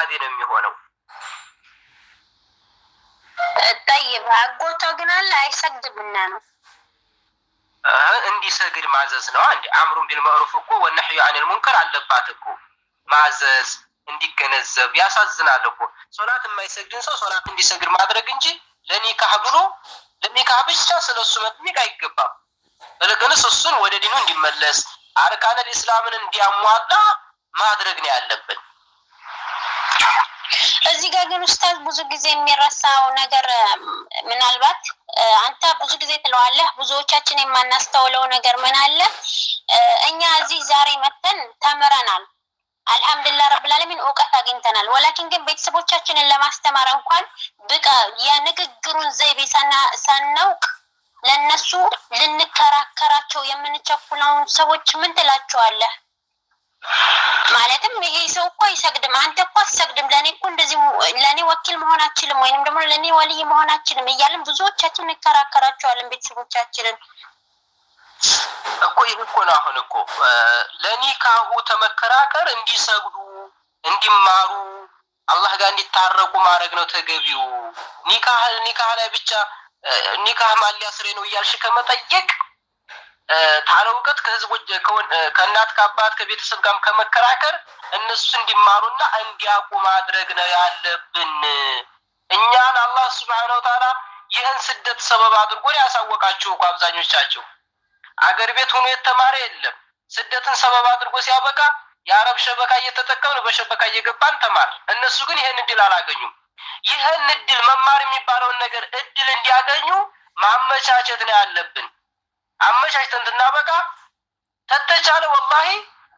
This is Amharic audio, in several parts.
ከሃዲ ነው የሚሆነው። ጠይብ አጎቶ ግን አለ አይሰግድምና ነው እንዲሰግድ ማዘዝ ነው። አንድ አምሩን ቢልመዕሩፍ እኮ ወነሕዩ አኒል ሙንከር አለባት እኮ ማዘዝ እንዲገነዘብ ያሳዝናል እኮ ሶላት የማይሰግድን ሰው ሶላት እንዲሰግድ ማድረግ እንጂ ለኒካህ ብሎ ለኒካህ ብቻ ስለ እሱ መጥሚቅ አይገባም። እልቅንስ እሱን ወደ ዲኑ እንዲመለስ አርካነል ኢስላምን እንዲያሟላ ማድረግ ነው ያለብን። እዚህ ጋር ግን ኡስታዝ ብዙ ጊዜ የሚረሳው ነገር ምናልባት አንተ ብዙ ጊዜ ትለዋለህ፣ ብዙዎቻችን የማናስተውለው ነገር ምን አለ፣ እኛ እዚህ ዛሬ መተን ተምረናል። አልሐምዱላ ረብላለሚን እውቀት አግኝተናል። ወላኪን ግን ቤተሰቦቻችንን ለማስተማር እንኳን ብቃ የንግግሩን ዘይቤ ሳናውቅ ለእነሱ ልንከራከራቸው የምንቸኩለውን ሰዎች ምን ትላቸዋለህ? ማለትም ይሄ ሰው እኮ አይሰግድም፣ አንተ እኮ አትሰግድም፣ ለእኔ እኮ እንደዚህ ለእኔ ወኪል መሆን አችልም፣ ወይንም ደግሞ ለእኔ ወልይ መሆን አችልም እያለን ብዙዎቻችን እንከራከራቸዋለን ቤተሰቦቻችንን እኮ ይህ እኮ ነው። አሁን እኮ ለኒካሁ ተመከራከር እንዲሰግዱ እንዲማሩ አላህ ጋር እንዲታረቁ ማድረግ ነው ተገቢው። ኒካህ ኒካህ ላይ ብቻ ኒካህ ስሬ ነው እያልሽ ከመጠየቅ ካለ እውቀት ከህዝቦች ከእናት ከአባት ከቤተሰብ ጋር ከመከራከር እነሱ እንዲማሩና እንዲያውቁ ማድረግ ነው ያለብን። እኛን አላህ ስብሐነ ወተዓላ ይህን ስደት ሰበብ አድርጎን ያሳወቃችሁ እኮ አብዛኞቻቸው አገር ቤት ሆኖ የተማረ የለም። ስደትን ሰበብ አድርጎ ሲያበቃ የአረብ ሸበካ እየተጠቀምን በሸበካ እየገባን ተማር። እነሱ ግን ይህን እድል አላገኙም። ይህን እድል መማር የሚባለውን ነገር እድል እንዲያገኙ ማመቻቸት ነው ያለብን። አመቻችተን እንድናበቃ ተተቻለ ወላሂ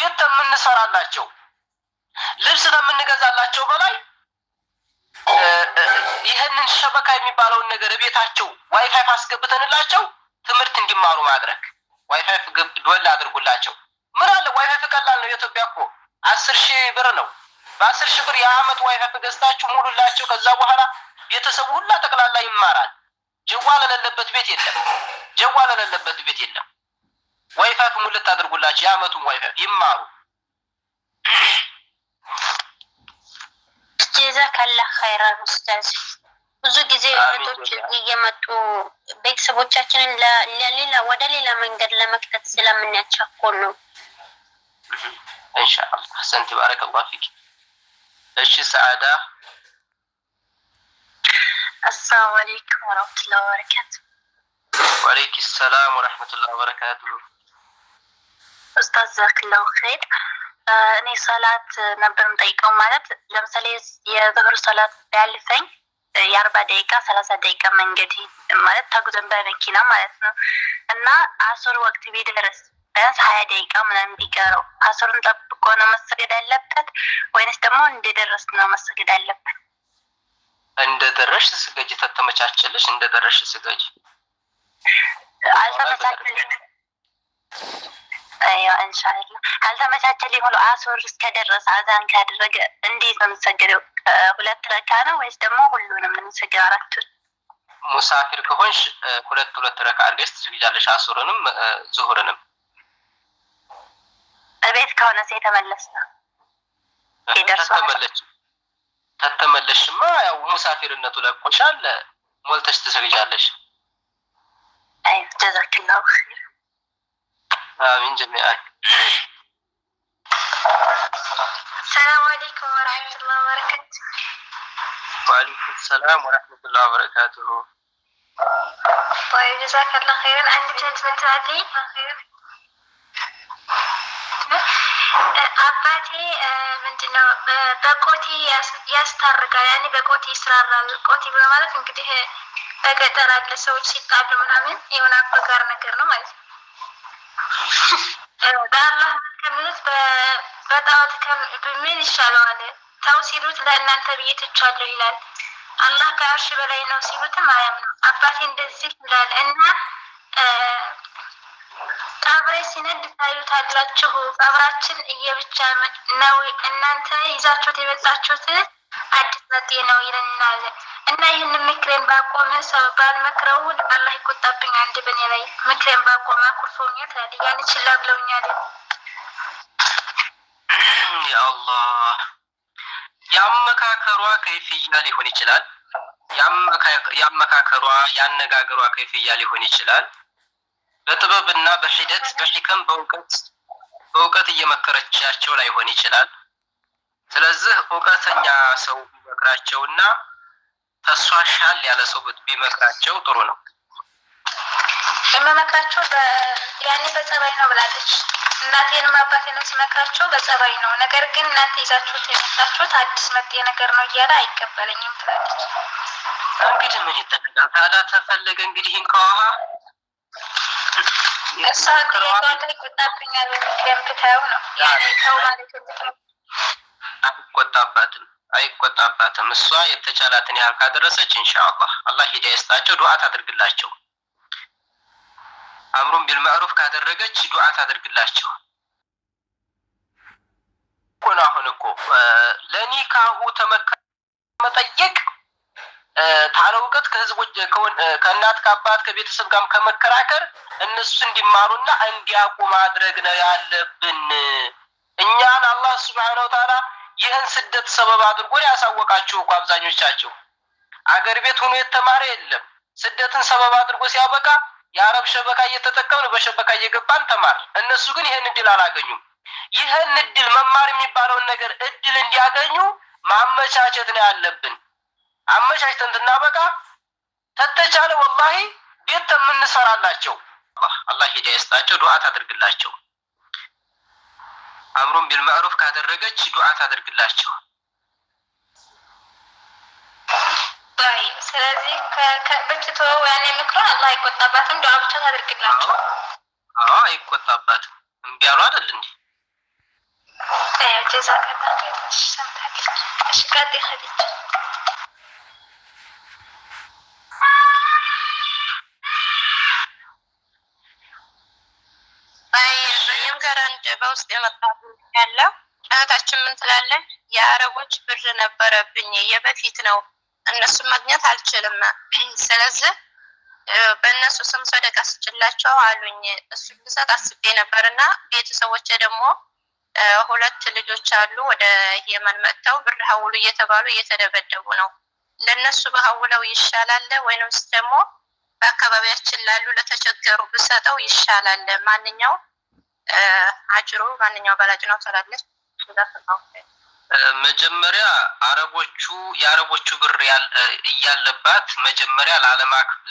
ቤት ተምንሰራላቸው ልብስ ከምንገዛላቸው በላይ ይህንን ሸበካ የሚባለውን ነገር ቤታቸው ዋይፋይ አስገብተንላቸው ትምህርት እንዲማሩ ማድረግ ዋይፋይ ዶላ አድርጉላቸው። ምን አለ ዋይፋይ ቀላል ነው። የኢትዮጵያ እኮ አስር ሺህ ብር ነው። በአስር ሺህ ብር የአመት ዋይፋይ ገዝታችሁ ሙሉላቸው። ከዛ በኋላ ቤተሰቡ ሁላ ጠቅላላ ይማራል። ጀዋል ለሌለበት ቤት የለም። ጀዋል ለሌለበት ቤት የለም። ዋይፋይ ሙልት ታድርጉላችሁ። የአመቱን ዋይፋይ ይማሩ። ጀዛከላህ ኸይራን ኡስታዝ። ብዙ ጊዜ እህቶች እየመጡ ቤተሰቦቻችንን ለሌላ ወደ ሌላ መንገድ ለመክተት ስለምናያቻኮል ነው። ኢንሻአላህ ሰንቲ ባረከላሁ ፊክ። እሺ ሰዓዳ السلام عليكم ورحمة الله وبركاته وعليكم السلام ورحمة الله وبركاته أستاذ زاك الله خير آه، أني صلاة نبر نطيقة مالت لمسالي يظهر صلاة بألفين يا آه، أربع دقيقة ثلاثة دقيقة من قدي مالت تاكو زنبا مكينا مالتنا أنا عصر وقت بيدرس بس هاي دقيقة من بيقارو عصر نطبقونا مسجد اللبت وينستمون بيدرسنا مسجد اللبت እንደደረሽ ስገጅ ተተመቻቸልሽ? እንደደረሽ ስገጅ አልተመቻቸልም። እንሻላ ካልተመቻቸል የሆነ አሶር እስከደረሰ አዛን ካደረገ እንዴት ነው የምትሰግደው? ሁለት ረካ ነው ወይስ ደግሞ ሁሉንም ነው የምትሰግደው? አራቱን ሙሳፊር ከሆንሽ ሁለት ሁለት ረካ አድርገሽ ትስግጃለሽ፣ አሶርንም ዙሁርንም። እቤት ከሆነ የተመለስ ነው ይደርሰዋል ከተመለሽማ ያው ሙሳፊርነቱ ለቆሻል፣ ሞልተሽ ትሰግጃለሽ። ጀዛክላሁ ኸይር። አሚን ጀሚዓ። ሰላም አለይኩም ወረሕመቱላህ ወበረካቱ። ወአለይኩም ሰላም ወረሕመቱላህ ወበረካቱሁ። ወይ ጀዛከላ ኸይርን። አንድ ትምህርት ምን ትላለይ? አባቴ ምንድነው በቆቲ ያስታርጋል። ያኔ በቆቲ ይስራራል። ቆቲ በማለት እንግዲህ በገጠር አለ ሰዎች ሲጣሉ ምናምን የሆነ አበጋር ነገር ነው ማለት ነው። በአላህ ከሚሉት በጣዖት ምን ይሻለዋል? ተው ሲሉት ለእናንተ ብዬ ትቻለሁ ይላል። አላህ ከአርሽ በላይ ነው ሲሉትም አያምነው። አባቴ እንደዚህ ይላል እና ቀብሬ ሲነድ ታዩታላችሁ። ቀብራችን እየብቻ ነው። እናንተ ይዛችሁት የመጣችሁት አዲስ መጤ ነው ይልናል እና ይህን ምክሬን ባቆመ ሰው ባልመክረው አላህ ይቆጣብኝ። አንድ በኔ ላይ ምክሬን ባቆመ አኩርፎኛል። ያን ችላ ብለውኛል። ያአላህ የአመካከሯ ከይፍያ ሊሆን ይችላል። የአመካከሯ የአነጋገሯ ከይፍያ ሊሆን ይችላል። በጥበብና በሂደት በሂከም በእውቀት በእውቀት እየመከረቻቸው ላይሆን ይችላል። ስለዚህ እውቀተኛ ሰው ቢመክራቸው እና ተስፋ ሻል ያለ ሰው ቢመክራቸው ጥሩ ነው። የምመክራቸው ያኔ በጸባይ ነው ብላለች። እናቴንም አባቴንም ስመክራቸው በጸባይ ነው። ነገር ግን እናንተ ይዛችሁት የመጣችሁት አዲስ መጤ ነገር ነው እያለ አይቀበለኝም ብላለች። እንግዲህ ምን ይጠቀቃል ታዲያ? ተፈለገ እንግዲህ ይህን ከውሃ አይቆጣባትም አይቆጣባትም። እሷ የተቻላትን ያህል ካደረሰች ኢንሻአላህ አላህ ሂዳ ይስጣቸው። ዱዓ ታድርግላቸው። አምሩን ቢልማዕሩፍ ካደረገች ዱዓ ታድርግላቸው። አሁን እኮ ለኒካሁ ተመካ መጠየቅ ካለ እውቀት ከህዝቦች ከእናት ከአባት ከቤተሰብ ጋር ከመከራከር እነሱ እንዲማሩና እንዲያውቁ ማድረግ ነው ያለብን። እኛን አላህ ስብሐነ ወተዓላ ይህን ስደት ሰበብ አድርጎ ያሳወቃችሁ እኮ አብዛኞቻችሁ አገር ቤት ሆኖ የተማረ የለም። ስደትን ሰበብ አድርጎ ሲያበቃ የአረብ ሸበካ እየተጠቀምን በሸበካ እየገባን ተማር። እነሱ ግን ይህን እድል አላገኙም። ይህን እድል መማር የሚባለውን ነገር እድል እንዲያገኙ ማመቻቸት ነው ያለብን። አመቻችተን እንድናበቃ ተተቻለ ወላሂ ቤት የምንሰራላቸው አላህ ሂዳያ ይስጣቸው። ዱዓ ታደርግላቸው። አምሩን ቢልማዕሩፍ ካደረገች ዱዓ ታደርግላቸው። ስለዚህ ከበጭቶ ያኔ ምክሮ አላህ አይቆጣባትም። ዱዓ ብቻ ታደርግላቸው። አዎ አይቆጣባትም። እምቢ አሉ አይደል እንዴ? ጀዛከላ ሰምታለች። እሺ ቀጤ ከልጅ አንጀባ ውስጥ የመጣ ያለ እህታችን ምን ትላለች? የአረቦች ብር ነበረብኝ የበፊት ነው፣ እነሱን ማግኘት አልችልም። ስለዚህ በእነሱ ስም ሰደቃ ስጭላቸው አሉኝ። እሱ ብሰጥ አስቤ ነበር እና ቤተሰቦች ደግሞ ሁለት ልጆች አሉ ወደ የመን መጥተው ብር ሀውሉ እየተባሉ እየተደበደቡ ነው። ለእነሱ በሀውለው ይሻላል ወይንስ ደግሞ በአካባቢያችን ላሉ ለተቸገሩ ብሰጠው ይሻላል? ማንኛውም አጅሮ ማንኛው በላጭ ነው ትላለች። መጀመሪያ አረቦቹ የአረቦቹ ብር እያለባት መጀመሪያ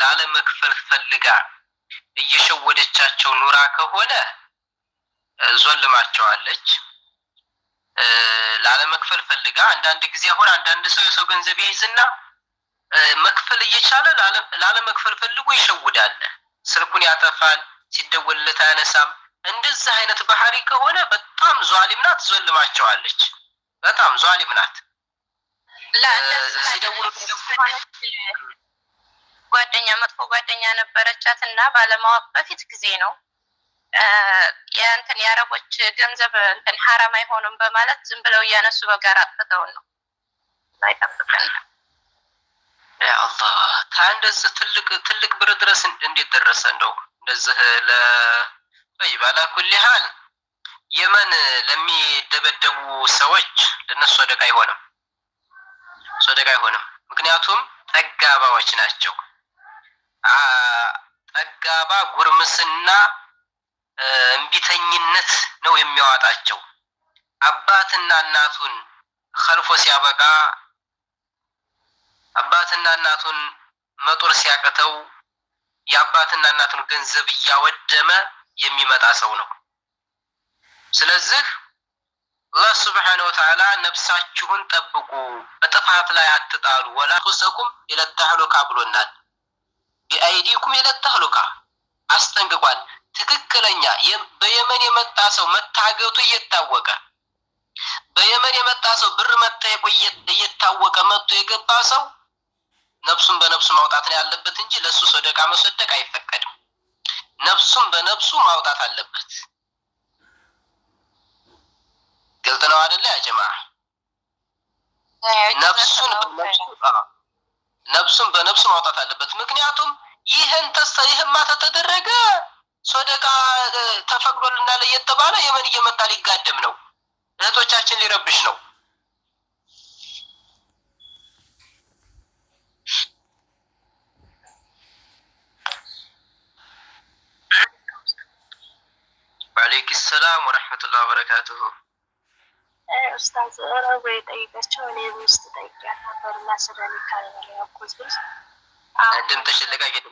ላለመክፈል ፈልጋ እየሸወደቻቸው ኑራ ከሆነ ዞልማቸዋለች። ላለመክፈል ፈልጋ አንዳንድ ጊዜ አሁን አንዳንድ ሰው የሰው ገንዘብ ይይዝና መክፈል እየቻለ ላለመክፈል ፈልጎ ይሸውዳል። ስልኩን ያጠፋል፣ ሲደወልለት አያነሳም። እንደዛ አይነት ባህሪ ከሆነ በጣም ዟሊም ናት፣ ዘልማቸዋለች። በጣም ዟሊም ናት። ጓደኛ መጥፎ ጓደኛ ነበረቻት እና ባለማወቅ በፊት ጊዜ ነው የእንትን የአረቦች ገንዘብ እንትን ሀራም አይሆንም በማለት ዝም ብለው እያነሱ በጋራ አጥፍተውን ነው ላይጠብቅና አላህ እንደዚህ ትልቅ ትልቅ ብር ድረስ እንዴት ደረሰ? እንደው እንደዚህ ባላ ኩሊ ሀል የመን ለሚደበደቡ ሰዎች ለነሱ ሰደቃ አይሆንም፣ ሰደቃ አይሆንም። ምክንያቱም ጠጋባዎች ናቸው። ጠጋባ ጉርምስና፣ እምቢተኝነት ነው የሚያዋጣቸው። አባትና እናቱን ከልፎ ሲያበቃ አባትና እናቱን መጦር ሲያቅተው የአባትና እናቱን ገንዘብ እያወደመ የሚመጣ ሰው ነው። ስለዚህ አላህ ስብሓነሁ ወተዓላ ነፍሳችሁን ጠብቁ፣ በጥፋት ላይ አትጣሉ፣ ወላ ቱሰኩም የለታህሉካ ብሎናል። ቢአይዲኩም የለታህሉካ አስጠንቅቋል። ትክክለኛ በየመን የመጣ ሰው መታገቱ እየታወቀ በየመን የመጣ ሰው ብር መታየቁ እየታወቀ መጥቶ የገባ ሰው ነፍሱን በነፍሱ ማውጣት ነው ያለበት እንጂ ለእሱ ሰደቃ መሰደቅ አይፈቀድም። ነፍሱን በነፍሱ ማውጣት አለበት። ግልጥ ነው አደለ? ያጀማ ነፍሱን በነፍሱ ማውጣት አለበት። ምክንያቱም ይህን ተስተ ማታ ተደረገ ሶደቃ ተፈቅዶልናል እየተባለ የመን እየመጣ ሊጋደም ነው፣ እህቶቻችን ሊረብሽ ነው። السلام ورحمة الله وبركاته أستاذ أرابي طيب أشتغل لي بوست طيب يا نفر ما سرني كان ولا يقوز بس أدم تشلقا جدا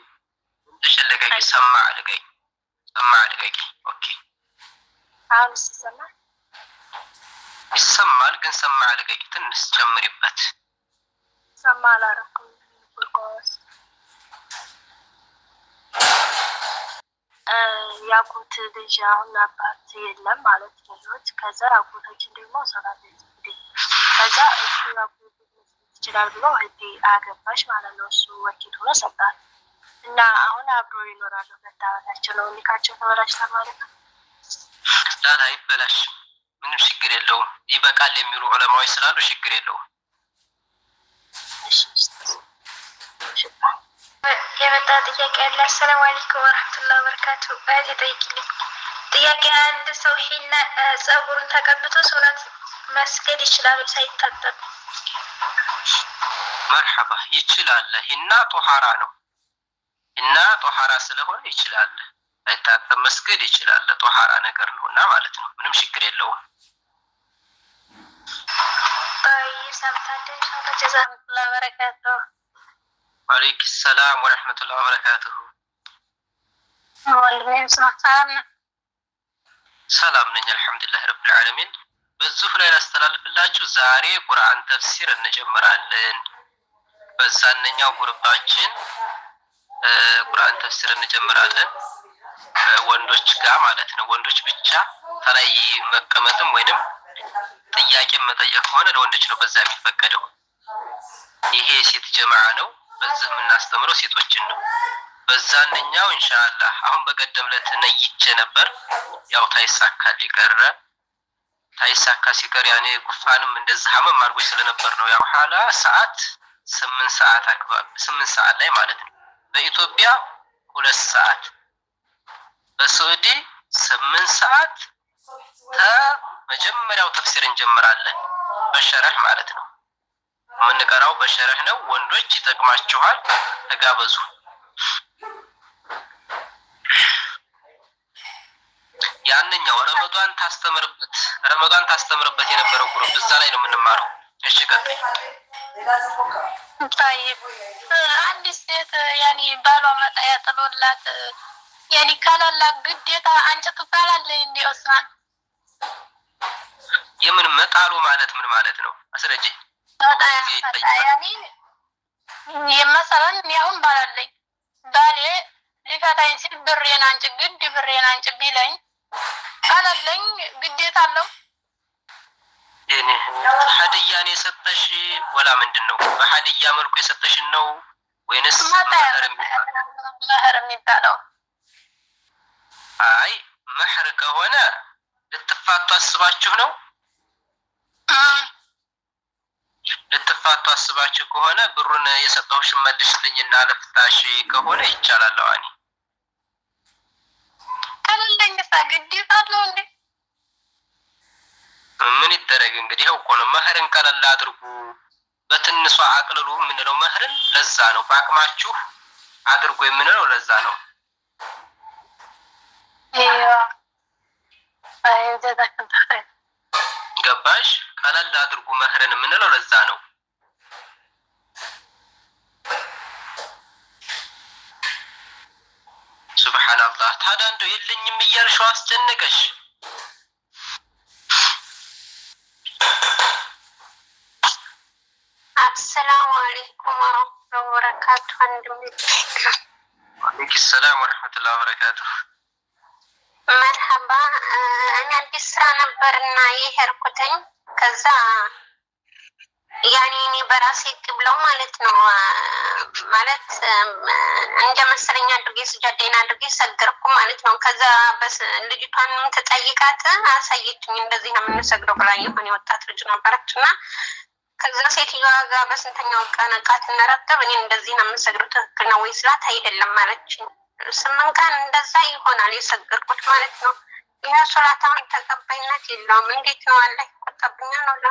تشلقا جدا سمع لك أي سمع لك أي أوكي عاو نستسمع يسمع لك نسمع لك أي تنس جمري بات سمع لك رقم برقوس የአጎት ልጅ አሁን አባት የለም ማለት ነው። ህይወት። ከዛ አጎታችን ደግሞ ሰራ ቤት ከዛ እሱ አጎት ይችላል ብሎ እህቴ አገባሽ ማለት ነው። እሱ ወኪል ሆኖ ሰጣል እና አሁን አብሮ ይኖራሉ። መዳባታቸው ነው ኒካቸው ተበላሽ ማለት ነው። ላላ ይበላሽ ምንም ችግር የለውም። ይበቃል የሚሉ ዑለማዎች ስላሉ ችግር የለውም። የመጣ ጥያቄ አለ። አሰላሙ አለይኩም ወረህመቱላ በረካቱ። እህቴ ጠይቅልኝ። ጥያቄ አንድ ሰው ሂና ጸጉሩን ተቀብቶ ሶላት መስገድ ይችላል ሳይታጠብ? መርሐባ ይችላል። ሂና ጦሃራ ነው እና ጦሃራ ስለሆነ ይችላል። ሳይታጠብ መስገድ ይችላል። ጦሃራ ነገር ነው እና ማለት ነው። ምንም ችግር የለውም። በይ ሰምታለ ጀዛ ላ በረካቱ ወአለይኩም ሰላም ወረሕመቱላሂ ወበረካቱሁ። ሰላም ነኝ አልሐምዱሊላህ ረብል ዓለሚን። በዚሁ ላይ ላስተላልፍላችሁ ዛሬ ቁርአን ተፍሲር እንጀምራለን። በዛነኛው ጉርባችን ቁርአን ተፍሲር እንጀምራለን ወንዶች ጋር ማለት ነው። ወንዶች ብቻ ተላይ መቀመጥም ወይንም ጥያቄም መጠየቅ ከሆነ ለወንዶች ነው በዛ የሚፈቀደው። ይሄ የሴት ጀማዓ ነው። በዚህ የምናስተምረው ሴቶችን ነው። በዛ አንደኛው አሁን በቀደም ዕለት ነይቼ ነበር። ያው ታይሳካ ሊቀረ ታይሳካ ሲቀር ያኔ ጉፋንም እንደዚህ ሀመም አድርጎ ስለነበር ነው። ያው ኋላ ሰዓት ስምንት ሰዓት አካባቢ ስምንት ሰዓት ላይ ማለት ነው በኢትዮጵያ ሁለት ሰዓት በሳዑዲ ስምንት ሰዓት ተመጀመሪያው ተፍሲር እንጀምራለን በሸረህ ማለት ነው። የምንቀራው በሸረህ ነው። ወንዶች ይጠቅማችኋል፣ ተጋበዙ። ያንኛው ረመዷን ታስተምርበት ረመዷን ታስተምርበት የነበረው ግሩፕ እዛ ላይ ነው የምንማረው። እሺ ቀጥይ። ጠይብ ሴት ያኔ ባሏ መጣ ያጥሎላት ያኔ ካላላት ግዴታ አንቺ ትባላለች እንዲወስናል። የምን መጣሉ ማለት ምን ማለት ነው? አስረጅኝ የመሰለን ያሁን ባላለኝ ባሌ ሊፈታኝ ሲል ብሬን አንጭ ግድ ብሬን አንጭ ቢለኝ ካላለኝ ግዴታ አለው። ሀድያን የሰጠሽ ወላ ምንድን ነው? በሀድያ መልኩ የሰጠሽን ነው ወይንስ መህር የሚባለው? አይ መህር ከሆነ ልትፋቱ አስባችሁ ነው ልትፋቱ አስባችሁ ከሆነ ብሩን የሰጠሁሽን መልሽልኝና ለፍታሽ ከሆነ ይቻላል። አዋኒ ከሌለኝ እንዴ? ምን ይደረግ እንግዲህ። ይኸው እኮ ነው መህርን ቀለል አድርጉ፣ በትንሷ አቅልሉ የምንለው መህርን ለዛ ነው። በአቅማችሁ አድርጎ የምንለው ለዛ ነው። ገባሽ? ቀለል አድርጉ መህርን የምንለው ለዛ ነው። ሱብሓን አላህ። ታዲያ እንደው የለኝም እያልሽው አስጨነቀሽ። አሰላሙ አለይኩም ወረህመቱላሂ ወበረካቱ። ወንድም ወአለይኩም ሰላም ወረህመቱላሂ ወበረካቱ። መርሀባ። እኔ አዲስ ስራ ነበርና የሄድኩትኝ ከዛ ያኔ እኔ በራሴ ቅብለው ማለት ነው ማለት እንደ መሰለኛ አድርጌ ስጃዳይን አድርጌ ሰገርኩ ማለት ነው። ከዛ ልጅቷን ተጠይቃት አሳየችኝ። እንደዚህ ነው የምንሰግደው ብላ የሆነ የወጣት ልጅ ነበረች እና ከዛ ሴትዮዋ ጋር በስንተኛው ቀን እቃት እንረከብ እኔ እንደዚህ ነው የምንሰግደው ትክክል ነው ወይ ስላት አይደለም ማለችኝ። ስምንት ቀን እንደዛ ይሆናል የሰገርኩት ማለት ነው። ይህ ሶላት ተቀባይነት የለውም። እንዴት ነው አለ ተቀብኛል አለ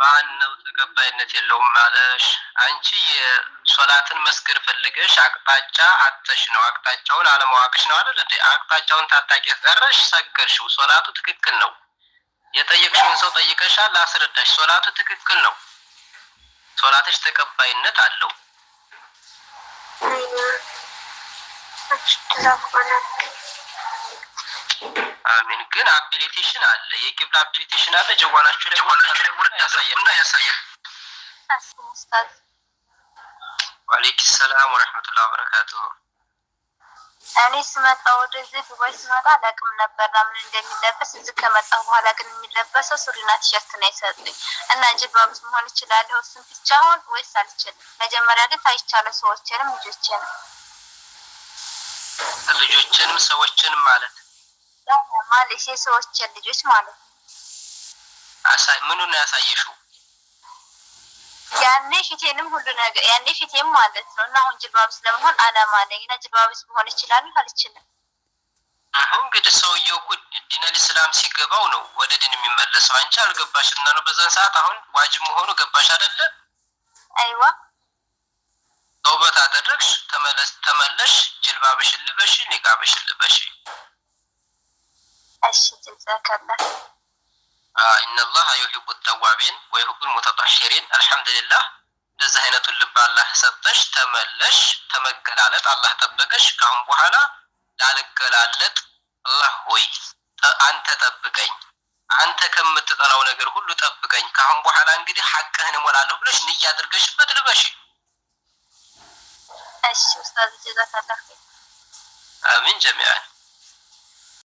ማን ነው ተቀባይነት የለውም ማለሽ? አንቺ የሶላትን መስገድ ፈልገሽ አቅጣጫ አጥተሽ ነው፣ አቅጣጫውን አለማወቅሽ ነው አይደል አቅጣጫውን ታጣቂ ቀረሽ፣ ሰገድሽው። ሶላቱ ትክክል ነው። የጠየቅሽውን ሰው ጠይቀሻል፣ አስረዳሽ። ሶላቱ ትክክል ነው። ሶላትሽ ተቀባይነት አለው። አሚን። ግን አቢሊቴሽን አለ፣ የቂብላ አቢሊቴሽን አለ። ጀዋላችሁ ላይ ያሳያልና ያሳያል። ዋሌይክ ሰላም ወረሕመቱላህ በረካቱ። እኔ ስመጣ ወደዚህ ዱባይ ስመጣ አላቅም ነበር ለምን እንደሚለበስ። እዚህ ከመጣ በኋላ ግን የሚለበሰው ሱሪና ቲሸርት ነው የሰጡኝ እና ጅባብስ መሆን እችላለሁ። እሱን ብቻ አሁን ወይስ አልችልም? መጀመሪያ ግን ታይቻለሁ፣ ሰዎችንም ልጆችንም ልጆችንም ሰዎችንም ማለት ይጠቅማል። ሰዎች ልጆች ማለት ነው። ምኑን ያሳየሽው? ያኔ ፊቴንም ሁሉ ነገር ያኔ ፊቴም ማለት ነው። እና አሁን ጅልባብስ ለመሆን አላማ አለኝ እና ጅልባብስ መሆን እችላለሁ አልችልም። እንግዲህ ሰውየው እኮ ዲነል ኢስላም ሲገባው ነው ወደ ድን የሚመለሰው። አንቺ አልገባሽ እና ነው በዛን ሰዓት አሁን ዋጅብ መሆኑ ገባሽ አይደለም አይዋ ተውበት አደረግሽ፣ ተመለሽ፣ ጅልባብሽን ልበሽ፣ ኒቃብሽን ልበሽ። آه، إن الله يحب التوابين ويحب المتطهرين الحمد لله እንደዚህ አይነቱን ልብ አላህ ሰጠሽ። الله هوي أنت ጠበቀሽ። أنت كم ላልገላለጥ አላህ ሆይ አንተ ጠብቀኝ፣ አንተ أنك دي حق هنا ولا በኋላ እንግዲህ ሐቅህን እሞላለሁ بدل بشي أشي أستاذ جزاك الله خير آمين جميعا